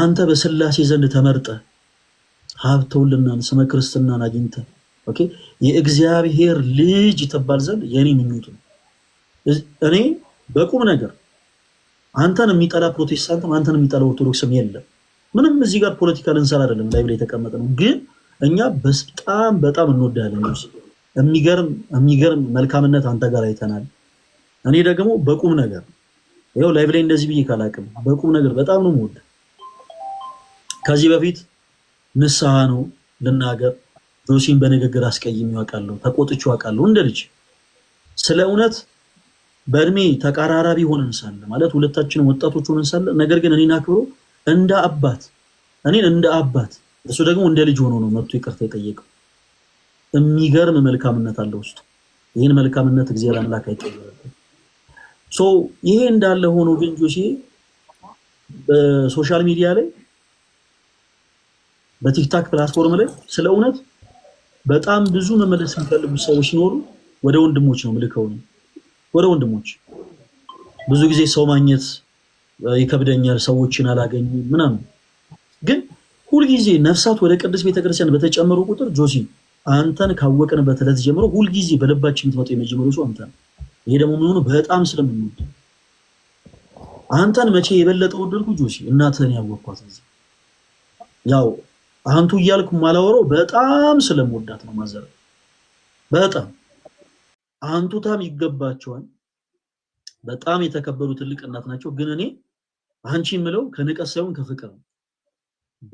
አንተ በስላሴ ዘንድ ተመርጠ ሀብተውልናን ስመ ክርስትናን አግኝተ የእግዚአብሔር ልጅ ተባል ዘንድ የኔ ምኞት ነው። እኔ በቁም ነገር አንተን የሚጠላ ፕሮቴስታንትም አንተን የሚጠላ ኦርቶዶክስም የለም። ምንም እዚህ ጋር ፖለቲካ ልንሰራ አይደለም፣ ላይ ብላ የተቀመጠ ነው። ግን እኛ በጣም በጣም እንወዳለን። የሚገርም የሚገርም መልካምነት አንተ ጋር አይተናል። እኔ ደግሞ በቁም ነገር ይኸው ላይ እንደዚህ ብዬ ካላቅም በቁም ነገር በጣም ነው የምወደው ከዚህ በፊት ንስሐ ነው ልናገር ጆሲን በንግግር አስቀይሜው አውቃለሁ፣ ተቆጥቼው አውቃለሁ። እንደ ልጅ ስለ እውነት በእድሜ ተቀራራቢ ሆነን ሳለ ማለት ሁለታችንም ወጣቶች ሆነን ሳለ ነገር ግን እኔን አክብሮ እንደ አባት እኔን እንደ አባት እሱ ደግሞ እንደ ልጅ ሆኖ ነው መጥቶ ይቅርታ የጠየቀው። የሚገርም መልካምነት አለ ውስጡ። ይህን መልካምነት እግዚአብሔር አምላክ አይቀየርም። ሶ ይሄ እንዳለ ሆኖ ግን ጆሲ በሶሻል ሚዲያ ላይ በቲክታክ ፕላትፎርም ላይ ስለ እውነት በጣም ብዙ መመለስ የሚፈልጉ ሰዎች ሲኖሩ ወደ ወንድሞች ነው ምልከው ነው ወደ ወንድሞች። ብዙ ጊዜ ሰው ማግኘት ይከብደኛል፣ ሰዎችን አላገኝም ምናምን። ግን ሁልጊዜ ነፍሳት ወደ ቅድስት ቤተክርስቲያን በተጨመሩ ቁጥር ጆሲ አንተን ካወቅንበት ዕለት ጀምሮ ሁልጊዜ በልባችን የምትመጡ የመጀመሪያ ሰው አንተ ይሄ ደግሞ የሚሆኑ በጣም ስለምንወድ አንተን መቼ የበለጠ ወደድኩ ጆሲ እናትህን ያወቅኳት ያው አንቱ እያልኩ ማላወራው በጣም ስለምወዳት ነው። ማዘር በጣም አንቱታም ይገባቸዋል። በጣም የተከበሩ ትልቅ እናት ናቸው። ግን እኔ አንቺ የምለው ከንቀት ሳይሆን ከፍቅር ነው።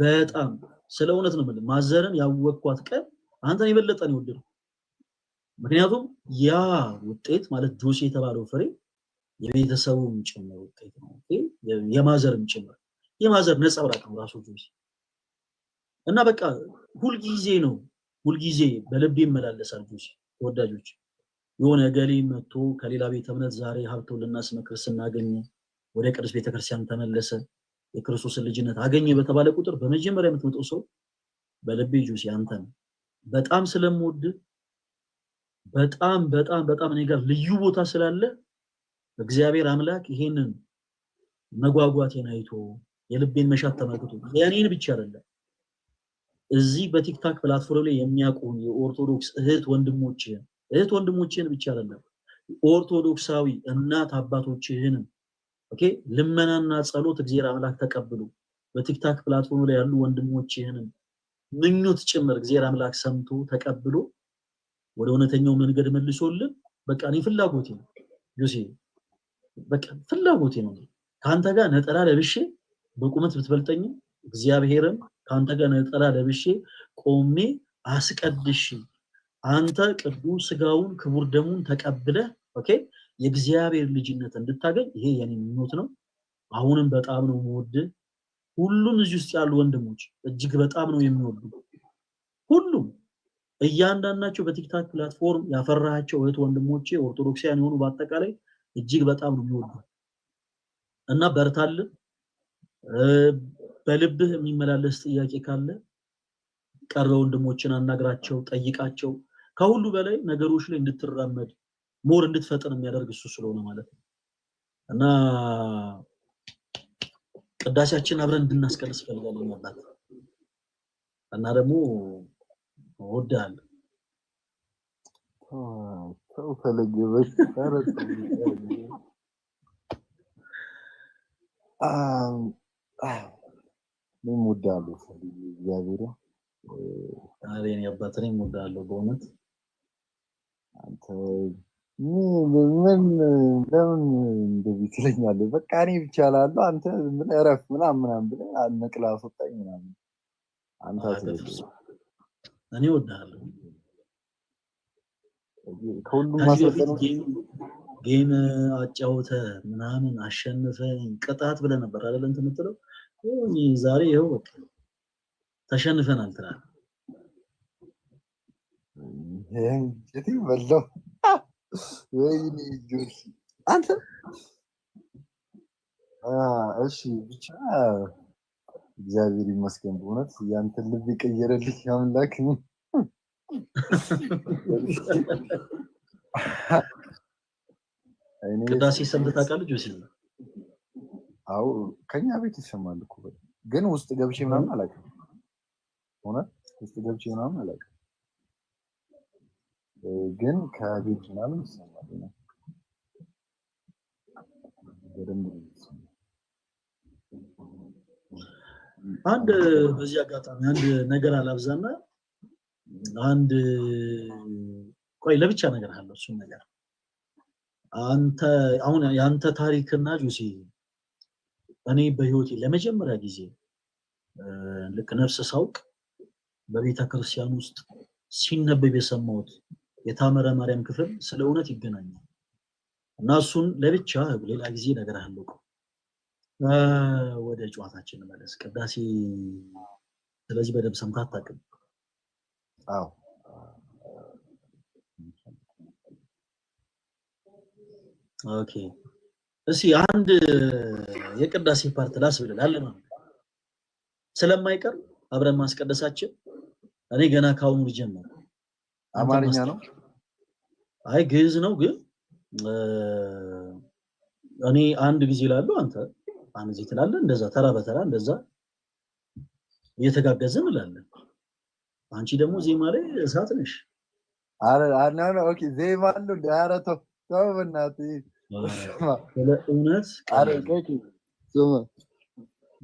በጣም ስለ እውነት ነው የምልህ። ማዘርን ያወቅኳት ቀን አንተን የበለጠ ነው የወደድኩት። ምክንያቱም ያ ውጤት ማለት ጆሴ የተባለው ፍሬ የቤተሰቡም ጭምር ውጤት ነው፣ የማዘርም ጭምር የማዘር ነጸብራቅ ነው ራሱ ጆሴ እና በቃ ሁልጊዜ ነው ሁልጊዜ በልቤ ይመላለሳል። ጆሲ ተወዳጆች የሆነ ገሌ መጥቶ ከሌላ ቤተ እምነት ዛሬ ሀብተው ልናስመክር ስናገኘ ወደ ቅዱስ ቤተክርስቲያን ተመለሰ የክርስቶስን ልጅነት አገኘ በተባለ ቁጥር በመጀመሪያ የምትመጣው ሰው በልቤ ጆሲ አንተ ነው። በጣም ስለምወድ በጣም በጣም በጣም እኔ ጋር ልዩ ቦታ ስላለ እግዚአብሔር አምላክ ይሄንን መጓጓቴን አይቶ የልቤን መሻት ተመልክቶ የኔን ብቻ አይደለም እዚህ በቲክታክ ፕላትፎርም ላይ የሚያውቁን የኦርቶዶክስ እህት ወንድሞችህን እህት ወንድሞችህን ብቻ አይደለም ኦርቶዶክሳዊ እናት አባቶችህንም ኦኬ ልመናና ጸሎት እግዚአብሔር አምላክ ተቀብሎ በቲክታክ ፕላትፎርም ላይ ያሉ ወንድሞችህንም ምኞት ጭምር እግዚአብሔር አምላክ ሰምቶ ተቀብሎ ወደ እውነተኛው መንገድ መልሶልን። በቃ እኔ ፍላጎቴ ነው ጆሴ፣ በቃ ፍላጎቴ ነው። ከአንተ ጋር ነጠላ ለብሼ በቁመት ብትበልጠኝም እግዚአብሔርን ከአንተ ጋር ነጠላ ለብሼ ቆሜ አስቀድሽ አንተ ቅዱስ ስጋውን ክቡር ደሙን ተቀብለ ኦኬ የእግዚአብሔር ልጅነት እንድታገኝ ይሄ የኔ ምኞት ነው። አሁንም በጣም ነው የምወድ። ሁሉም እዚህ ውስጥ ያሉ ወንድሞች እጅግ በጣም ነው የሚወዱ። ሁሉም እያንዳንዳቸው በቲክታክ ፕላትፎርም ያፈራቸው እህት ወንድሞቼ ኦርቶዶክሲያን የሆኑ በአጠቃላይ እጅግ በጣም ነው የሚወዱ እና በርታልን በልብህ የሚመላለስ ጥያቄ ካለ ቀረ ወንድሞችን አናግራቸው፣ ጠይቃቸው። ከሁሉ በላይ ነገሮች ላይ እንድትራመድ ሞር እንድትፈጥን የሚያደርግ እሱ ስለሆነ ማለት ነው እና ቅዳሴያችን አብረን እንድናስቀልስ ፈልጋለሁ ማለት እና ደግሞ ወዳል ምን እወድሃለሁ እግዚአብሔርን ኧረ የእኔ አባት እኔም እወድሃለሁ በእውነት አንተ ምን ለምን እንደዚህ ትለኛለህ? በቃ እኔ ብቻ እላለሁ አንተ ምን እረፍ ምናምን ምናምን ብለህ ነቅላ አስወጣኝ ምናምን። አንተ እኔ እወድሃለሁ። ጌም አጫውተህ ምናምን አሸንፈኝ ቅጣት ብለህ ነበር አይደል እንትን የምትለው ዛሬ ይኸው በቃ ተሸንፈናል ትላለህ። እሺ፣ ብቻ እግዚአብሔር ይመስገን በእውነት ያንተን ልብ የቀየረልኝ አምላክ ቅዳሴ ሰምተህ ታውቃለህ አዎ ከኛ ቤት ይሰማል እኮ ግን ውስጥ ገብቼ ምናምን አላውቅም። ሆነ ውስጥ ገብቼ ምናምን አላውቅም፣ ግን ከቤት ምናምን ይሰማል አንድ በዚህ አጋጣሚ አንድ ነገር አላብዛና አንድ ቆይ ለብቻ ነገር አለው እሱም ነገር አንተ አሁን የአንተ ታሪክና ጆሲ እኔ በህይወቴ ለመጀመሪያ ጊዜ ልክ ነፍስ ሳውቅ በቤተ ክርስቲያን ውስጥ ሲነበብ የሰማሁት የታመረ ማርያም ክፍል ስለ እውነት ይገናኛል እና እሱን ለብቻ ሌላ ጊዜ ነገር አለቁ። ወደ ጨዋታችን መለስ። ቅዳሴ ስለዚህ በደንብ ሰምተህ አታውቅም? አዎ ኦኬ እሺ አንድ የቅዳሴ ፓርት ላስ ብለናል ነው ስለማይቀር አብረን ማስቀደሳችን እኔ ገና ካሁኑ ልጀምር። አማርኛ ነው አይ ግዕዝ ነው። ግን እኔ አንድ ጊዜ እላለሁ፣ አንተ አንድ ጊዜ ትላለህ። እንደዛ ተራ በተራ እንደዛ እየተጋገዝን እላለን። አንቺ ደግሞ ዜማ ላይ እሳት ነሽ። አረ አና ነው ኦኬ ዜማ አሉ ዳራቶ ተው በእናትህ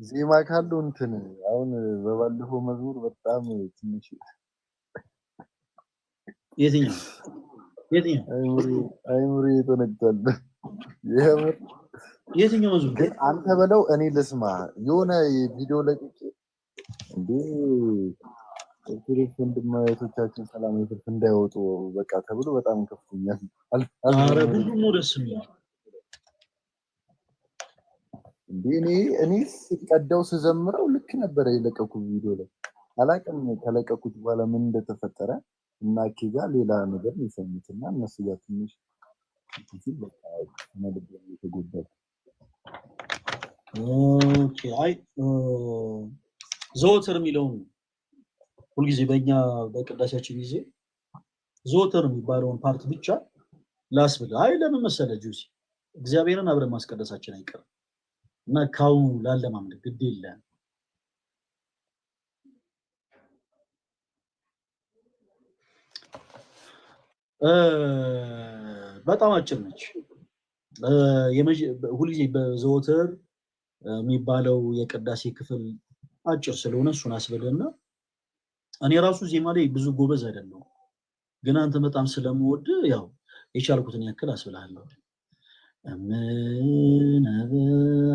ዜማ ካለው እንትን አሁን በባለፈው መዝሙር በጣም ትንሽ አይምሪ የትኛው የትኛው መዝሙር ግን አንተ በለው እኔ ልስማ። የሆነ ቪዲዮ ለቅቄ እንዴ ቴሌክ ወንድማቶቻችን ሰላም ትርፍ እንዳይወጡ በቃ ተብሎ በጣም ከፍቶኛል። ሁሉም ደስ እኔ እኔ ስቀዳው ስዘምረው ልክ ነበረ የለቀኩ ቪዲዮ ላይ አላቅም ከለቀኩት በኋላ ምን እንደተፈጠረ እና ኬጋ ሌላ ነገር የሰሙት እና እነሱ ጋር ትንሽ ነልብ ዘወትር የሚለውን ሁልጊዜ በእኛ በቅዳሴያችን ጊዜ ዘወትር የሚባለውን ፓርት ብቻ ላስብል። አይ ለምን መሰለህ ጁሲ እግዚአብሔርን አብረን ማስቀደሳችን አይቀርም እና ካሁኑ ላለማምለክ ግድ የለን በጣም አጭር ነች። ሁልጊዜ በዘወትር የሚባለው የቅዳሴ ክፍል አጭር ስለሆነ እሱን አስብልና እኔ ራሱ ዜማ ላይ ብዙ ጎበዝ አይደለሁም፣ ግን አንተ በጣም ስለምወድ ያው የቻልኩትን ያክል አስብልሃለሁ። እምነበአ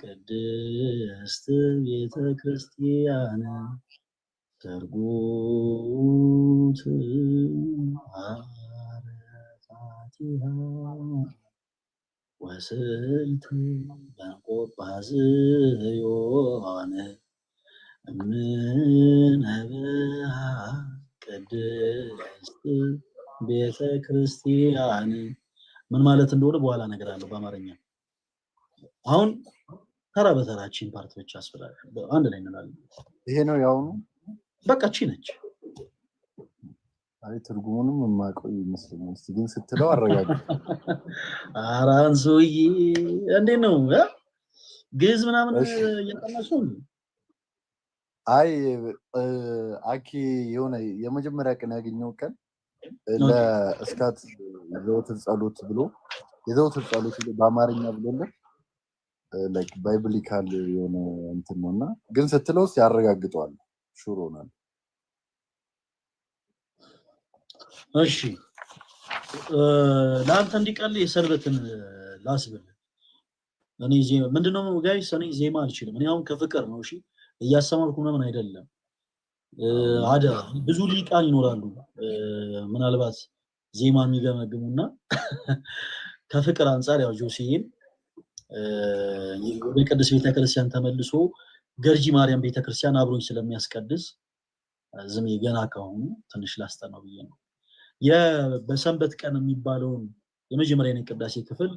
ቅድስት ቤተ ክርስቲያን ተርጉት አረፋቲሃ ወስልት በንቆጳ ጽዮን እምነበ ቅድስት ቤተ ክርስቲያን ምን ማለት እንደሆነ በኋላ ነገር አለው በአማርኛ። አሁን ተራ በተራችን ፓርቲዎች አስፈላጊ አንድ ላይ እንላለን። ይሄ ነው የአሁኑ በቃ ቺ ነች። አይ ትርጉሙንም የማውቀው ይመስለኛል። እስኪ ግን ስትለው አረጋግ አራንሱይ እንዴት ነው ግዕዝ ምናምን እየጠነሱ አይ አኪ የሆነ የመጀመሪያ ቀን ያገኘው ቀን ለእስካት ዘውትር ጸሎት ብሎ የዘውትር ጸሎት በአማርኛ ብሎልን ላይክ ባይብሊካል የሆነ እንትን ነው እና ግን ስትለው ውስጥ ያረጋግጠዋል ሹር ሆናል። እሺ ለአንተ እንዲቀል የሰንበትን ላስብል እኔ ምንድነው ጋይስ፣ እኔ ዜማ አልችልም። እኔ አሁን ከፍቅር ነው እሺ እያስተማርኩ ምናምን አይደለም። አዳ ብዙ ሊቃን ይኖራሉ። ምናልባት ዜማ የሚገመግሙና ከፍቅር አንጻር ያው ጆሴን ወደ ቅድስት ቤተክርስቲያን ተመልሶ ገርጂ ማርያም ቤተክርስቲያን አብሮኝ ስለሚያስቀድስ ዝም ገና ከሆኑ ትንሽ ላስጠናው ብዬ ነው። በሰንበት ቀን የሚባለውን የመጀመሪያ ቅዳሴ ክፍል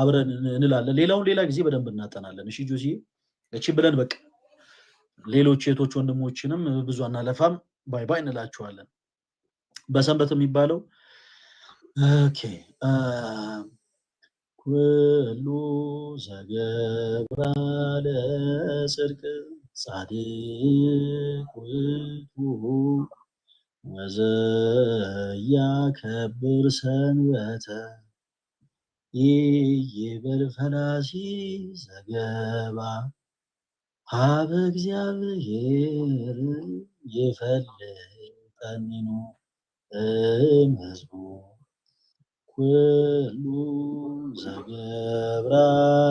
አብረን እንላለን። ሌላውን ሌላ ጊዜ በደንብ እናጠናለን። እሺ ጆሴ፣ እቺ ብለን በቃ ሌሎች ሴቶች ወንድሞችንም ብዙ አናለፋም፣ ባይ ባይ እንላችኋለን። በሰንበት የሚባለው ኦኬ ኩሉ ዘገብራ ለጽድቅ ጻድቅ ውእቱ ወዘያከብር ሰንበተ ይይበር ፈላሲ ዘገባ አብ እግዚአብሔር ይፈልግ ጠሚኑ እምሕዝቡ ኩሉ ዘገብራ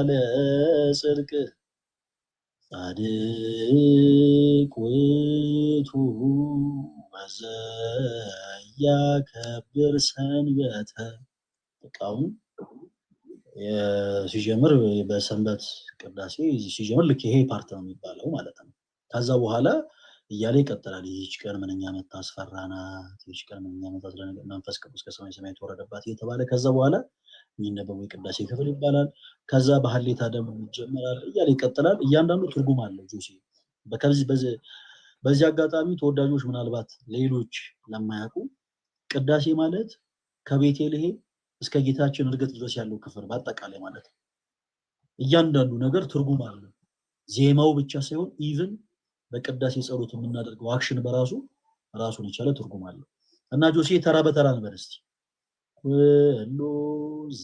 ለጽድቅ ጻድቅ ውእቱ በዘ ያከብር ሰንበተ እቃውን ሲጀምር በሰንበት ቅዳሴ ሲጀምር ልክ ይሄ ፓርት ነው የሚባለው ማለት ነው። ከዛ በኋላ እያለ ይቀጥላል። ይህች ቀን ምንኛ መታ አስፈራናት፣ ይህች ቀን ምንኛ መታ ስለነገር መንፈስ ቅዱስ ከሰማይ ሰማይ ተወረደባት እየተባለ ከዛ በኋላ የሚነበቡ የቅዳሴ ክፍል ይባላል። ከዛ በሀሌታ ደግሞ ይጀምራል እያለ ይቀጥላል። እያንዳንዱ ትርጉም አለው። ጆሲ በዚህ አጋጣሚ ተወዳጆች፣ ምናልባት ሌሎች ለማያውቁ ቅዳሴ ማለት ከቤቴ ከቤተልሔም እስከ ጌታችን እርገት ድረስ ያለው ክፍል በአጠቃላይ ማለት ነው። እያንዳንዱ ነገር ትርጉም አለው። ዜማው ብቻ ሳይሆን ኢቭን በቅዳሴ ጸሎት የምናደርገው አክሽን በራሱ ራሱን የቻለ ትርጉም አለው እና ጆሴ ተራ በተራ ንበል እስኪ ኩሉ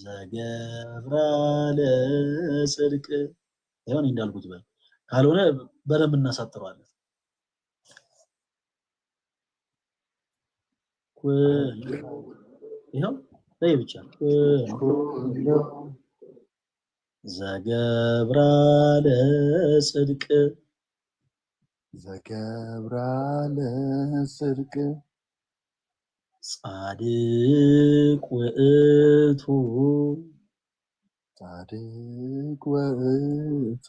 ዘገብራ ለጽድቅ እንዳልኩት በል ካልሆነ በደንብ እናሳጥረዋለን። ይኸው በይ ብቻ ዘገብራለ ጽድቅ ዘገብራለ ጽድቅ ጻድቅ ውእቱ ጻድቅ ውእቱ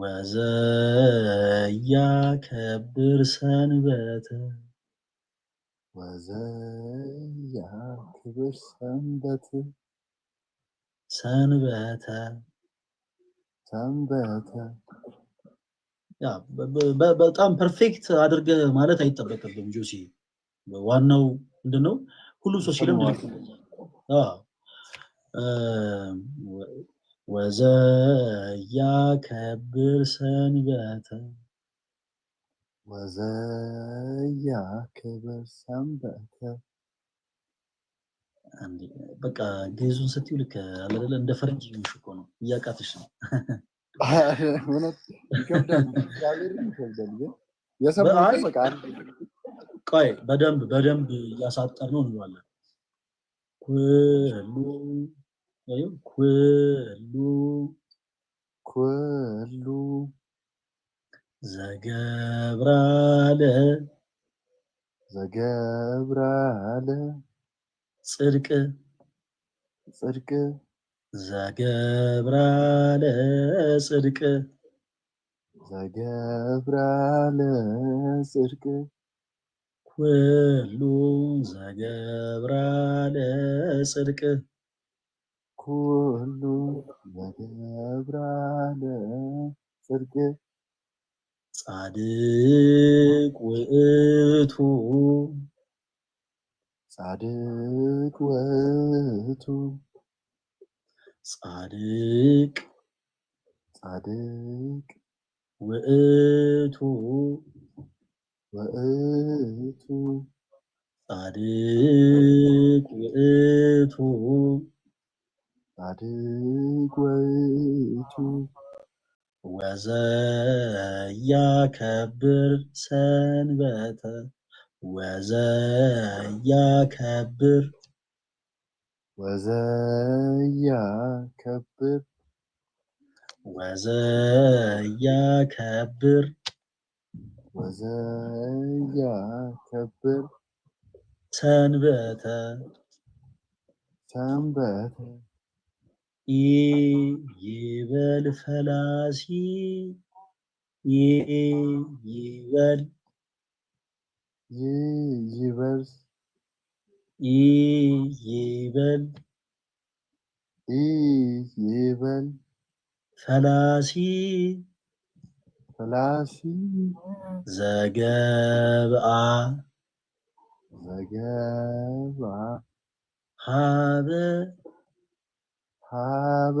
ወዘያ ከብር ሰንበተ ወዘያክብር ሰንበት ሰንበተ ሰንበተ። በጣም ፐርፌክት አድርገ ማለት አይጠበቅብም ጆሲ። ዋናው ምንድን ነው? ሁሉም ሰው ሲለም ወዘያ ከብር ሰንበተ ወዘያ ክብር ሰንበተ በቃ ግዙን ስትዩ ልክ አለለ እንደ ፈረንጅ ሽ እኮ ነው፣ እያቃትሽ ነው። በደንብ በደንብ እያሳጠር ነው እንለዋለን። ኩሉ ኩሉ ኩሉ ዘገብራለ ዘገብራለ ጽድቅ ጽድቅ ዘገብራለ ጽድቅ ዘገብራለ ጽድቅ ኩሉ ዘገብራለ ጽድቅ ኩሉ ዘገብራለ ጽድቅ ጻድቅ ውእቱ ጻድቅ ውእቱ ጻድቅ ጻድቅ ውእቱ ውእቱ ጻድቅ ውእቱ ጻድቅ ውእቱ ወዘያከብር ሰንበተ ወዘያከብር ወዘያከብር ወዘያከብር ወዘያከብር ሰንበተ ሰንበተ ይበል ፈላሲ ይበል ይበል ይበል ይበል ፈላሲ ፈላሲ ዘገብአ ዘገብአ ሀበ ሀበ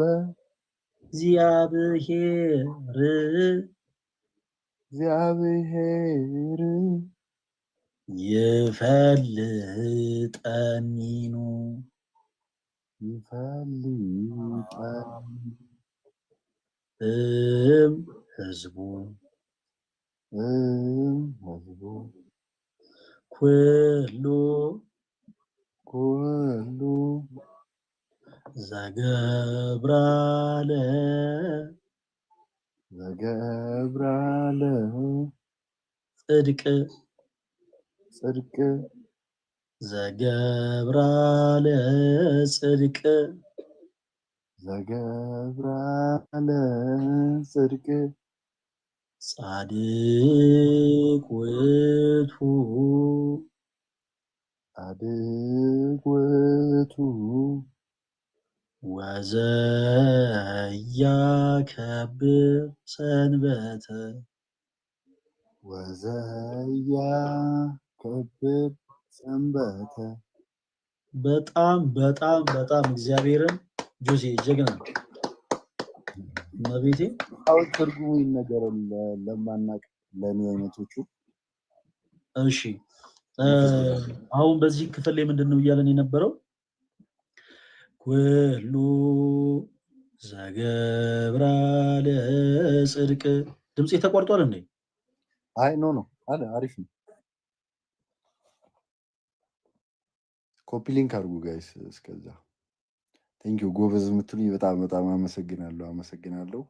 እግዚአብሔር እግዚአብሔር ይፈልጠኒኑ ይፈልጠኒ እም ህዝቡ እም ህዝቡ ኩሉ ኩሉ ዘገብራለ ዘገብራለ ጽድቅ ጽድቅ ዘገብራለ ጽድቅ ዘገብራለ ጽድቅ ጻድቅ ውእቱ ጻድቅ ውእቱ ወዘያከብር ሰንበተ ወዘያከብር ሰንበተ። በጣም በጣም በጣም እግዚአብሔርን ጆሴ ጀግና መቤቴ አሁ ትርጉሙ ነገር ለማናቅ ለእኔ አይነቶቹ። እሺ አሁን በዚህ ክፍል ላይ ምንድን ነው እያለን የነበረው? ወሉ ዘገብራለ ጽድቅ። ድምፅ ተቋርጧል እንዴ? አይ ኖ ኖ አለ። አሪፍ ነው። ኮፒ ሊንክ አድርጉ ጋይስ። እስከዛ ቴንኪዩ ጎበዝ የምትሉኝ በጣም በጣም አመሰግናለሁ አመሰግናለሁ።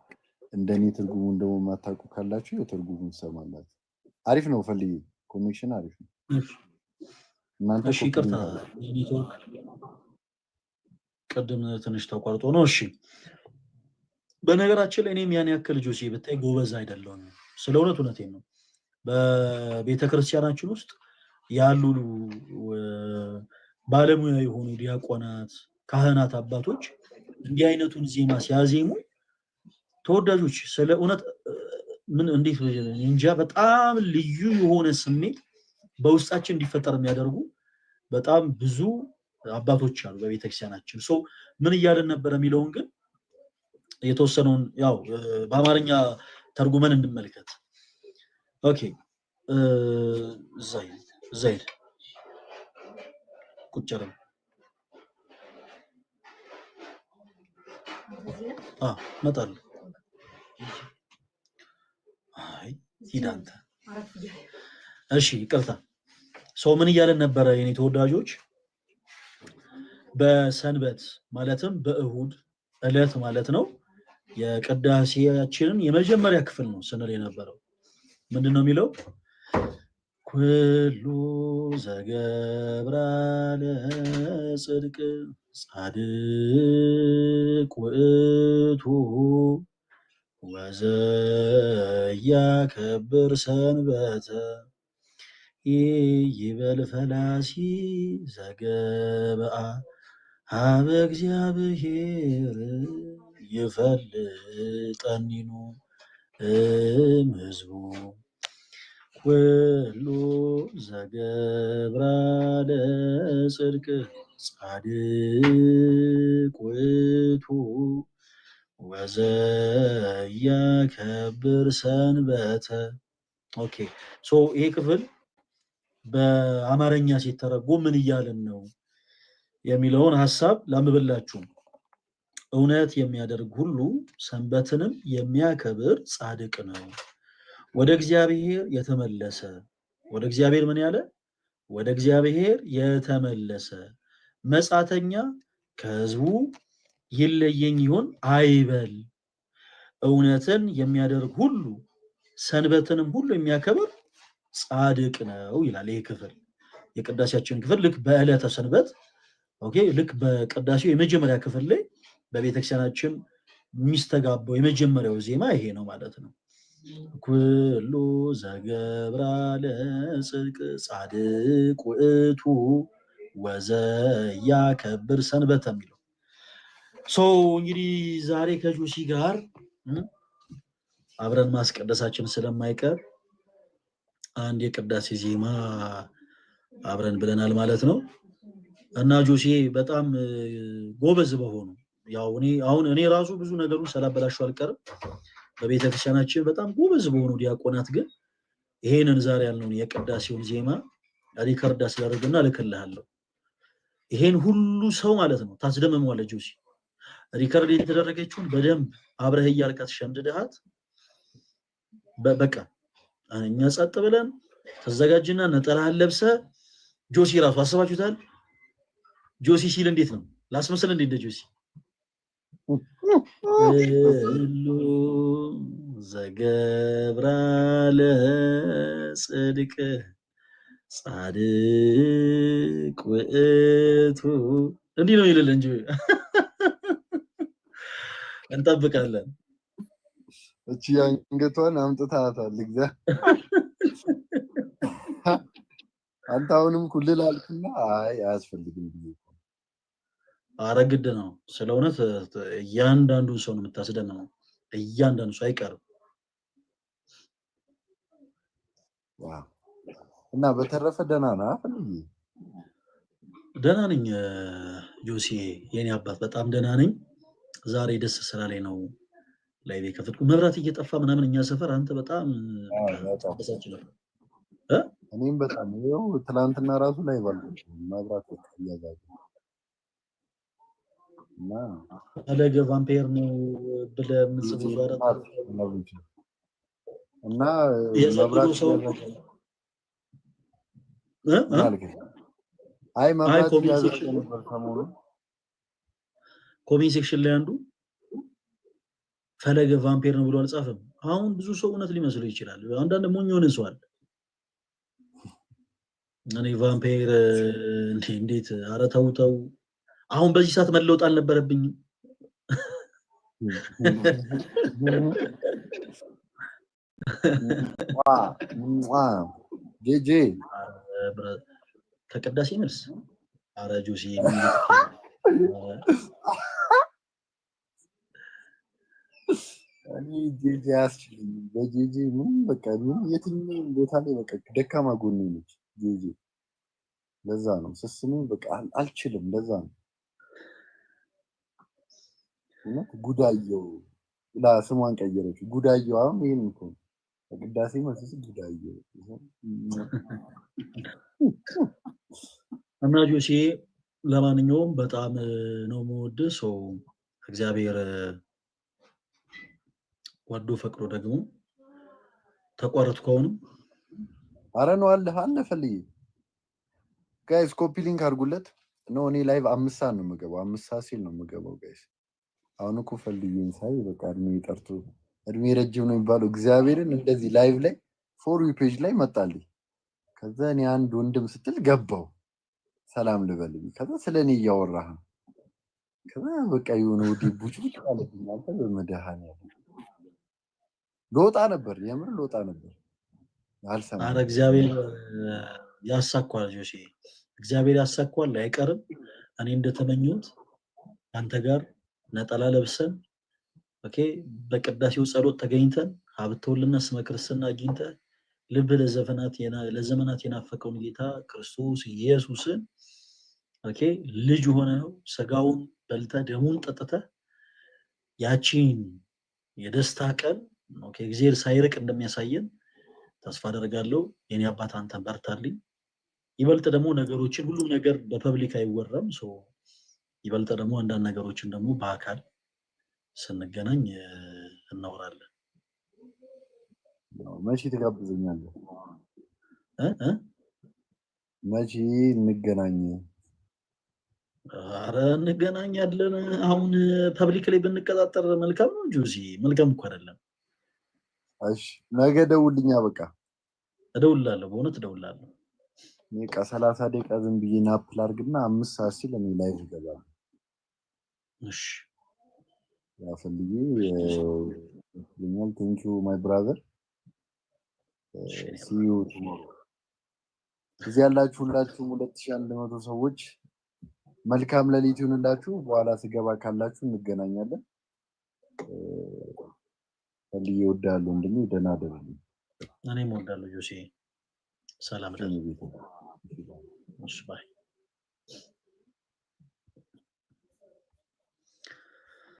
እንደኔ ትርጉሙን ደግሞ የማታውቁ ካላችሁ የትርጉሙን ትሰማላችሁ። አሪፍ ነው። ፈልጊ ኮኔክሽን አሪፍ ነው። እናንተ ኔትወርክ ቅድም ትንሽ ተቋርጦ ነው። እሺ በነገራችን ላይ እኔም ያን ያክል ጆሴ ብታይ ጎበዝ አይደለሁም። ስለ እውነት እውነቴን ነው። በቤተክርስቲያናችን ውስጥ ያሉ ባለሙያ የሆኑ ዲያቆናት፣ ካህናት፣ አባቶች እንዲህ አይነቱን ዜማ ሲያዜሙ ተወዳጆች፣ ስለ እውነት ምን እንዴት እንጃ በጣም ልዩ የሆነ ስሜት በውስጣችን እንዲፈጠር የሚያደርጉ በጣም ብዙ አባቶች አሉ በቤተክርስቲያናችን። ሰው ምን እያልን ነበረ የሚለውን ግን የተወሰነውን ያው በአማርኛ ተርጉመን እንመልከት። ኦኬ ዘይድ ቁጭርም መጣል ሂዳንተ እሺ ይቅርታ። ሰው ምን እያለን ነበረ የኔ ተወዳጆች? በሰንበት ማለትም በእሁድ ዕለት ማለት ነው የቅዳሴያችንን የመጀመሪያ ክፍል ነው ስንል የነበረው ምንድን ነው የሚለው ኩሉ ዘገብራ ጽድቅ ጻድቅ ውእቱ ከብር ሰንበተ ይይበል ፈላሲ ዘገበአ አበ እግዚአብሔር ይፈልጠኒኑ እምሕዝቡ ኩሉ ዘገብራ ለጽድቅ ጻድቅ ውእቱ ወዘያከብር ሰንበተ። ኦኬ ሶ ይሄ ክፍል በአማርኛ ሲተረጎም ምን እያለን ነው? የሚለውን ሀሳብ ላምብላችሁ። እውነት የሚያደርግ ሁሉ ሰንበትንም የሚያከብር ጻድቅ ነው፣ ወደ እግዚአብሔር የተመለሰ ወደ እግዚአብሔር ምን ያለ ወደ እግዚአብሔር የተመለሰ መጻተኛ ከህዝቡ ይለየኝ ይሆን አይበል። እውነትን የሚያደርግ ሁሉ ሰንበትንም ሁሉ የሚያከብር ጻድቅ ነው ይላል። ይህ ክፍል የቅዳሴያችን ክፍል ልክ በዕለተ ሰንበት ኦኬ ልክ በቅዳሴው የመጀመሪያ ክፍል ላይ በቤተክርስቲያናችን የሚስተጋባው የመጀመሪያው ዜማ ይሄ ነው ማለት ነው። ኩሉ ዘገብራ ለጽድቅ ጻድቅ ውእቱ ወዘያ ከብር ሰንበት የሚለው ሰው እንግዲህ ዛሬ ከጆሲ ጋር አብረን ማስቀደሳችን ስለማይቀር አንድ የቅዳሴ ዜማ አብረን ብለናል ማለት ነው። እና ጆሴ በጣም ጎበዝ በሆኑ ያው እኔ አሁን እኔ ራሱ ብዙ ነገሩን ሰላበላሸው አልቀርም። በቤተክርስቲያናችን በጣም ጎበዝ በሆኑ ዲያቆናት ግን ይሄንን ዛሬ ያለውን የቅዳሴውን ዜማ ሪከርድ ስላደርግና እልክልሃለሁ። ይሄን ሁሉ ሰው ማለት ነው ታስደምመዋለህ። ጆሴ ሪከርድ የተደረገችውን በደንብ አብረህ እያልካት ሸምድድሃት። በቃ እኛ ጸጥ ብለን ተዘጋጅና ነጠላህን ለብሰህ ጆሴ ራሱ አስባችሁታል ጆሲ ሲል እንዴት ነው ላስመስል እንዴ? እንደ ጆሲ ሉ ዘገብራለ ጽድቅ ጻድቅ ውእቱ እንዲህ ነው ይልል እንጂ እንጠብቃለን። እቺ አንገቷን አምጥታታል። አንተ አሁንም ኩልል አልክና አይ አያስፈልግም ብዬ አረግድ ነው። ስለ እውነት እያንዳንዱን ሰው ነው ነው። እያንዳንዱ ሰው አይቀርም። እና በተረፈ ደህና ነህ? ደህና ነኝ ጆሲ፣ የኔ አባት በጣም ደህና ነኝ። ዛሬ ደስ ስራ ላይ ነው ላይ ከፍትኩ። መብራት እየጠፋ ምናምን እኛ ሰፈር አንተ በጣም እኔም በጣም ትላንትና ራሱ ላይ ባል መብራት እያዛዘ ፈለገ ቫምፔር ነው ብለህ ምጽቡ እና አይ መብራት ኮሜንት ሴክሽን ላይ አንዱ ፈለገ ቫምፔር ነው ብሎ አልጻፈም። አሁን ብዙ ሰው እውነት ሊመስሉ ይችላል። አንዳንድ ሞኝ የሆነ ሰው አለ። እኔ ቫምፔር እንዴት ኧረ ተው ተው አሁን በዚህ ሰዓት መለወጥ አልነበረብኝም። ከቅዳሴ መልስ አረጆ ጂጂ አያስችልኝም። በጄጄ ምንም በቃ ምንም የትኛውም ቦታ ላይ በቃ ደካማ ጎኔ ነች ጄጄ። ለዛ ነው ስስሜ በቃ አልችልም። ለዛ ነው እና ጉዳየው ላ ስሟን ቀየረች። ጉዳየው አሁን ይህን እኮ ቅዳሴ መስስ ጉዳየው እና ጆሴ፣ ለማንኛውም በጣም ነው መወድ ሰው እግዚአብሔር ወዶ ፈቅዶ ደግሞ ተቋረጥኩ። ከሆኑ አረ ነው አለ አለፈልይ ጋይስ፣ ኮፒ ሊንክ አድርጉለት ነው እኔ ላይቭ አምሳ ነው የምገባው። አምሳ ሲል ነው የምገባው ጋይስ አሁን እኮ ፈልጌን ሳይ በቃ እድሜ ጠርቶ እድሜ ረጅም ነው የሚባለው እግዚአብሔርን እንደዚህ ላይቭ ላይ ፎር ዩ ፔጅ ላይ መጣልኝ። ከዛ እኔ አንድ ወንድም ስትል ገባው ሰላም ልበልኝ። ከዛ ስለ እኔ እያወራህ ነው። ከዛ በቃ የሆነ ወዲ ቡጭ አለብኝ። አንተ በመድኃኒዓለም ልወጣ ነበር፣ የምር ልወጣ ነበር። አልሰማ ኧረ እግዚአብሔር ያሳኳል፣ ጆሴ እግዚአብሔር ያሳኳል፣ አይቀርም። እኔ እንደተመኙት አንተ ጋር ነጠላ ለብሰን ኦኬ በቅዳሴው ጸሎት ተገኝተን ሀብተውልና ስመ ክርስትና አግኝተ ልብ ለዘመናት የናፈቀውን ጌታ ክርስቶስ ኢየሱስን ኦኬ ልጅ ሆነ ስጋውን በልተ ደሙን ጠጥተ ያቺን የደስታ ቀን ኦኬ እግዚአብሔር ሳይርቅ እንደሚያሳየን ተስፋ አደርጋለሁ። የኔ አባት አንተን በርታልኝ። ይበልጥ ደግሞ ነገሮችን ሁሉም ነገር በፐብሊክ አይወራም። ይበልጠ ደግሞ አንዳንድ ነገሮችን ደግሞ በአካል ስንገናኝ እናወራለን። መቼ ትጋብዘኛለህ? መቼ እንገናኝ? አረ እንገናኛለን። አሁን ፐብሊክ ላይ ብንቀጣጠር መልካም ነው። ጆሲ መልካም እኮ አይደለም። እሺ ነገ ደውልኛ። በቃ እደውላለሁ፣ በእውነት እደውላለሁ። በቃ ሰላሳ ደቂቃ ዝም ብዬ ናፕል አድርግና አምስት ሰዓት ሲል እኔ ላይ ይገባል። ፈልጌ ይመስለኛል። ቴንክ ዩ ማይ ብራዘር ሲዩ እዚህ ያላችሁ ሁላችሁም ሁለት ሺህ አንድ መቶ ሰዎች መልካም ለሊት ይሁንላችሁ። በኋላ ስገባ ካላችሁ እንገናኛለን። ፈልጌ እወዳለሁ ወንድሜ፣ ደህና ደሩ። እኔም እወዳለሁ ጆሴ። ሰላም ደሩ።